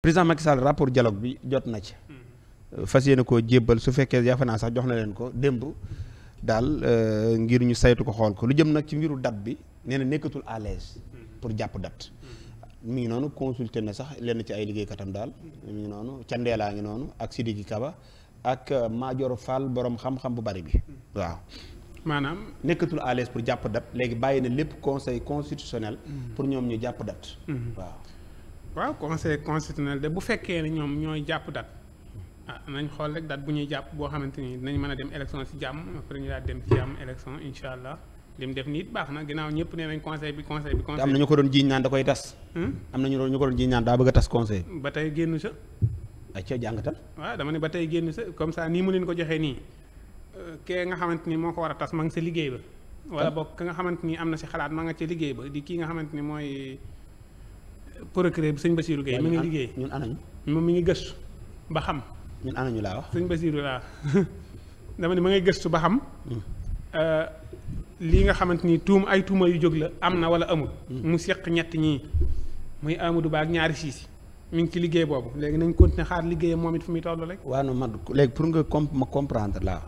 président Macky Sall rapport dialogue bi jot na ci. fas yéene koo jébbal su fekkee yaakaar naa sax jox na leen ko démb daal euh, ngir ñu saytu ko xool ko lu jëm nag ci mbiru date bi nee na nekkatul à l'aise pour jàpp dat mi ngi noonu consulté na sax lenn ci ay liggéeykatam daal mi ngi noonu candeelaa ngi noonu ak Sidiki Kaba ak euh, Madior Fall borom xam-xam bu bari bi waaw. maanaam nekkatul à pour jàpp date léegi bàyyi na lépp conseil constitutionnel. Mm-hmm. pour ñoom ñu jàpp date. Mm-hmm. waaw conseil constitutionnel de bu fekkee ne ñoom ñooy jàpp date ah nañ xool rek date bu ñuy jàpp boo xamante ni dinañ mën a dem élection ci jàmm après dem ci jàmm allah li mu nii it na ginnaaw ñëpp nee nañ conseil bi conseil bi. conseil am ko doon jiiñ naan koy tas. Hmm? am na ñu ñu ko doon jiiñ naan daa bëgg a tas conseil. ba tey génn sa. ay ca jàngatal. waaw dama ne ba tey génn sa comme saa nii mu leen ko joxe nii euh, kee nga xamante ni moo ko war a tas ma nga sa liggéey ba. wala boog nga xamante ni am na si xalaat ma nga ca liggéey ba di kii nga xamante mooy procureur bi sëñ Basirou Gueye mi ngi liggéey ñun anañu moom mi ngi gëstu ba xam ñun anañu laa wax sëñ Basirou laa dama ne ma ngay gëstu ba xam hmm. euh, lii nga xamante ni tuum ay tuuma yu jóg la am na wala amul hmm. mu seq ñett ñi muy Amadou Ba ak ñaari siisi mu ngi ci liggéey boobu léegi nañ continuer xaar liggéeyam moom it fu muy toll rek waa non man léegi pour nga comp comprendre laa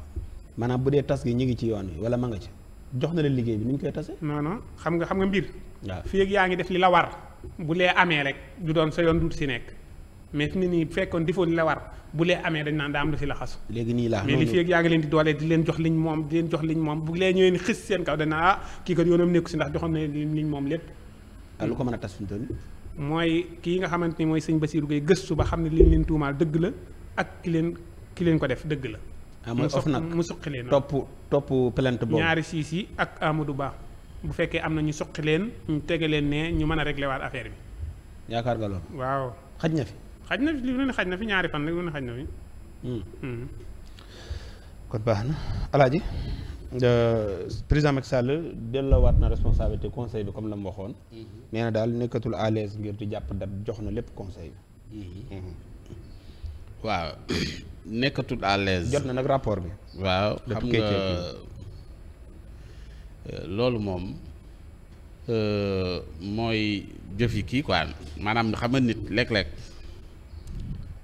maanaam bu dee tas gi ñu ngi ci yoon wi wala ma nga ci jox na la liggéey bi ni koy tase non xam nga xam nga mbir waaw fii ak yaa ngi def li la war bu lee amee rek du doon sa yoon dut si nekk mais fi ne nii fekkoon defoo li la war bu lee amee dañ naan daa am lu fi la léegi nii laa mais li fii leen di doolee di leen jox liñ moom di leen jox liñ moom bu lee ñëwee ni xis seen kaw dañ naan ah kii kat yoonam nekku si ndax joxoon na liñ moom lépp ah, lu ko mën a tas fi mu mooy kii nga xamante ni mooy sëñ Basiru Gay gëstu ba xam ne lii leen tuumaal dëgg la ak ki leen ki leen ko def dëgg la ah, mu suqi leen topp topp plainte boobu ñaari siis yi ak Amadou Ba bu fekkee am na ñu suqi leen ñu tege leen ne ñu mën a réglé waat affaire bi. yaakaar nga loolu. waaw xaj na fi. xaj na fi li mu ne xaj na fi ñaari fan rek lu na fi. Hmm. Hmm. kon baax na alaaji euh, président Macky delloowaat na responsabilité conseil bi comme la mu waxoon. Hmm. nee daal nekkatul à l'aise ngir di jàpp dab jox na lépp conseil bi. waaw nekkatul à jot na nag rapport bi. waaw xam nga Euh, loolu moom euh, mooy jëf kii quoi maanaam xam nga nit léeg-léeg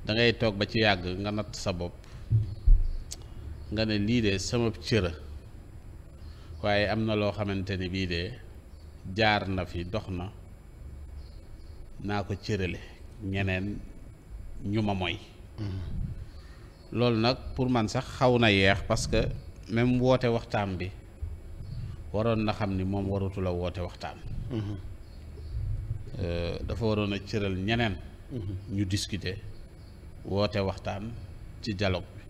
da ngay toog ba ci yàgg nga natt sa bopp nga ne lii de sama cëra waaye am na loo xamante ni bii de jaar na fi dox na naa ko cërale ñeneen ñu ma mooy mm-hmm. loolu nag pour man sax xaw na yeex parce que même woote waxtaan bi waroon na xam ni moom waratula woote waxtaan mhm. euh, dafa waroon a cëral ñeneen mhm. ñu discuter woote waxtaan ci dialogue bi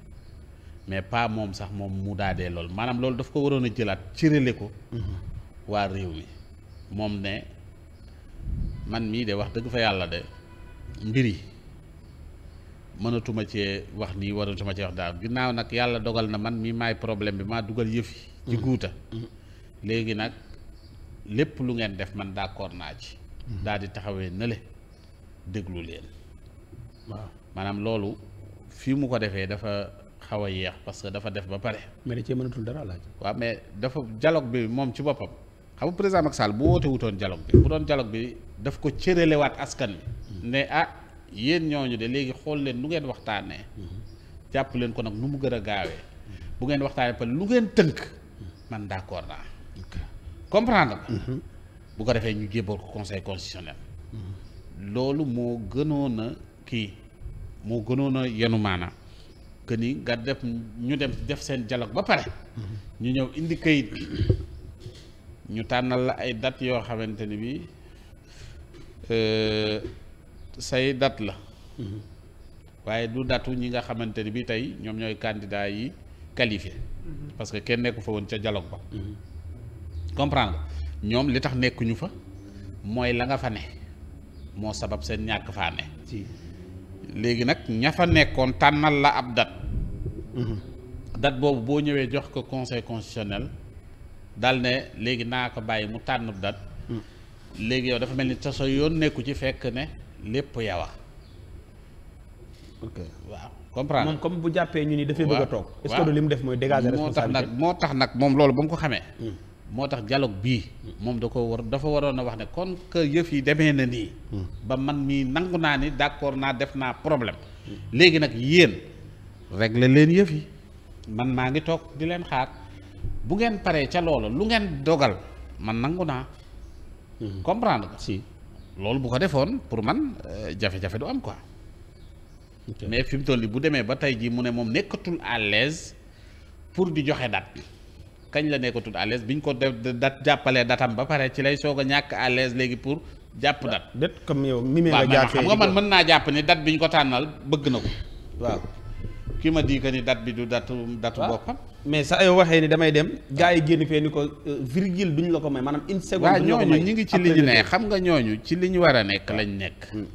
mais pas moom sax moom mu daadee lool maanaam loolu dafa ko waroon a jëlaat cërale ko mhm. waa réew mi moom ne man mii de wax dëgg fa yàlla de mbir yi mënatuma cee wax nii waratuma cee wax daal ginnaaw nag yàlla dogal na man mii maay problème bi maa dugal yëf yi ci guuta léegi nag lépp lu ngeen def man d'accord naa ci mhm. daal di taxawee nële déglu leen waaw maanaam loolu fii mu ko defee dafa xaw a yeex parce que dafa def ba pare mais cee mënatul dara laaj waaw mais dafa dialogue bi moom ci boppam xam nga président Sall bu woote wutoon dialogue doon dialogue bi daf ko cëralewaat askan bi mhm. ne ah yéen ñooñu de léegi xool leen nu ngeen waxtaanee mhm. jàpp leen ko nag nu mu gën a gaawee bu ngeen waxtaanee par lu ngeen tënk man d'accord naa comprendre mhm. bu ko defee ñu jébbal ko conseil constitutionnel. loolu moo gënoon a kii moo gënoon a yenu maanaa que ni nga def ñu dem def seen dialogue ba pare. Mhm. ñu ñëw indi kayit ñu tànnal la ay dat yoo xamante ni bi euh, say date la. Mhm. waaye du datu ñi nga xamante ni bi tey ñoom ñooy candidat yi qualifié. parce que kenn nekku fa woon ca dialogue ba. comprendre nga ñoom li tax nekkuñu fa mooy la nga fa ne moo sabab seen ñàkk faa ne léegi nag ña fa nekkoon tànnal la ab dat mm-hmm. date boobu boo ñëwee jox ko conseil constitutionnel dal ne léegi naa ko bàyyi mu tànn bu date mm. léegi yow dafa mel ni taso yoon nekku ci fekk ne lépp yawa ok waaw comprendre moom comme bu jàppee ñu ni dafay bëgg a toog est li mu def mooy dégager moo tax nag moo tax nag moom loolu ba mu ko xamee mm. moo tax dialogue bii moom da ko war dafa waroon a wax ne kon que yëf yi demee na nii ba man mii nangu naa ni d'accord naa def naa problème léegi nag yéen régler leen yëf yi man maa ngi toog di leen xaar bu ngeen paree ca loola lu ngeen dogal man nangu naa comprendre nga si loolu bu ko defoon pour man euh, jafe-jafe du am quoi mais fi mu toll nii bu demee ba tey jii mu ne moom nekkatul à l'aise pour di joxe bi kañ la nekkatul à l'aise biñ ko dat jàppale datam ba pare ci lay soog a ñàkk à léegi pour jàpp dat ah, det comme yow mi nga nga man mën naa jàpp ni dat bi ñu ko tànnal bëgg na ko waaw kii ma di que ni dat bi du datu datu ah, boppam mais sax yow waxee ni damay dem gars yi génn fee ni ko euh, virgule duñ la ko may maanaam une seconde duñ la ko ngi ci li ñu ne xam nga ñooñu ci li ñu war a nekk ah. lañ nekk hmm.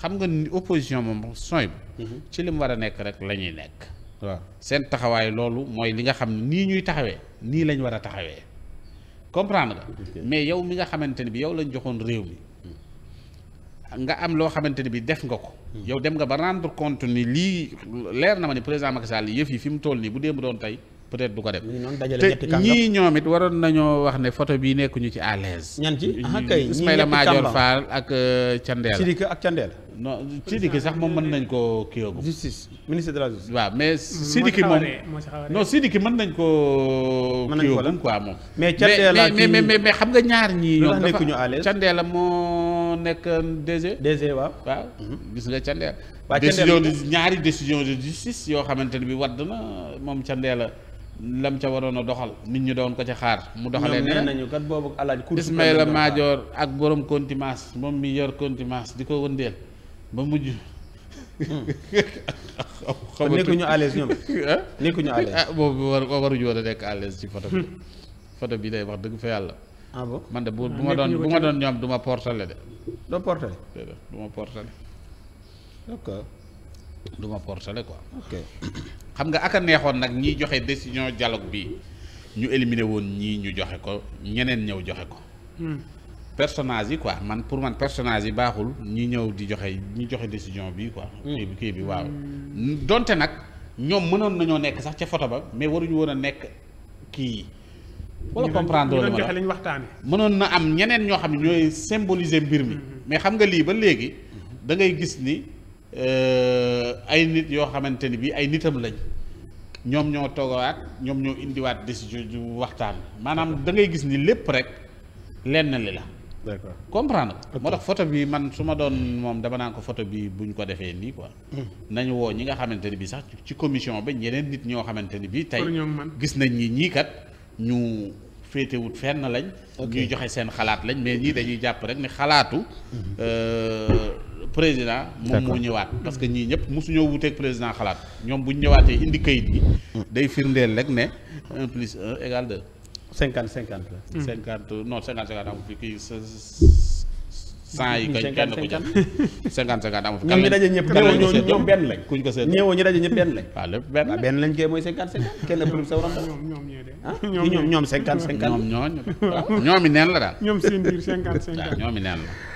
xam nga opposition moom sooy hmm. ci li mu war a nekk rek la ñuy nekk waaw seen taxawaay loolu mooy li nga xam ne nii ñuy taxawee nii lañ war a taxawee comprendre nga mais yow mi nga xamante ne bi yow lañ joxoon réew mi nga am loo xamante ne bi def nga ko hmm. yow dem nga ba rendre compte ni lii leer na ma ni président Macky Sall yëf yi fi mu toll nii bu dee démb doon tey peut-être du ko def te ñii ñoom it waroon nañoo wax ne photo bii nekkuñu ci à l'aise ñan ci ah kay Ismaïla Madior ak euh, Thiendella Sidiki ak Thiendella non sax moom mën nañ koo kiyagu justice ministre de la justice waaw mais Sidiki moom non Sidiki mën nañ koo kiyagu quoi moom mais Thiendella mais mais mais xam nga ñaar ñii ñoom dafa Thiendella moo nekk DG DG waaw waaw gis nga Thiendella décision ñaari décision de justice yoo xamante ne bi wadd na moom Thiendella lam ca waroon a doxal nit ñi doon ko ca xaar mu doxalee nee nañu kat boobu alaaj la Madior ak boroom contimaas moom mi yor contimaas di ko wëndeel ba mujj xaw nekkuñu à l'aise ñoom nekkuñu à ah, boobu war waruñu war a nekk à ci photo bi hmm. photo bi day wax dëgg fa yàlla ah bon man de bu bu ma doon bu ma doon ñoom du ma portale de doo portale du ma portale d'accord du ma xam nga aka neexoon nag ñiy joxe décision dialogue bi ñu éliminer woon ñii ñu joxe ko ñeneen ñëw joxe ko. Hmm. personnage yi quoi man pour man personnage yi baaxul ñi ñëw di joxe ñi joxe décision bi quoi. Hmm. kii bi kii bi waaw. Hmm. donte nag ñoom mënoon nañoo nekk sax ca photo ba mais waruñu woon a nekk kii yi. wala comprendre loolu joxe lañ waxtaanee. mënoon na am ñeneen ñoo xam ne ñooy symboliser mbir mi. mais xam nga lii ba léegi da ngay gis ni. Euh, ay nit yoo xamante ni bii ay nitam lañ ñoom ñoo toogawaat ñoom ñoo indiwaat décision ju waxtaan maanaam dangay gis ni lépp rek lenn li la. d'accord comprendre moo tax photo bi man su ma doon moom dama naan ko photo bi bu ñu ko defee nii quoi. Hmm. nañu woo ñi nga xamante ni bii sax ci commission ba ñeneen nit ñoo xamante ni bii. tey gis nañ ñi ñii kat ñu. féetewut fenn lañ ñuy joxe seen xalaat lañ mais ñii dañuy jàpp rek ni xalaatu hmm. euh, président moom moo ñëwaat parce que ñii ñëpp mosuñoo wuteeg président xalaat ñoom bu ñu ñëwaatee indi kayit gi day firndeel rek ne un plus un égale deux cinquante cinquante hmm. cinquante non cinquante cinquante amu fi kii cent yi kañ kenn ku jàpp cinquante cinquante amu fi ñu daje ñëpp ñoom benn lañ kuñ ko seet ñëwoo ñu daje ñëpp benn lañ ñoom ah? ñoom cinquante cinquante ñoom ñoom i neen la daal ñoom seen ñoom i neen la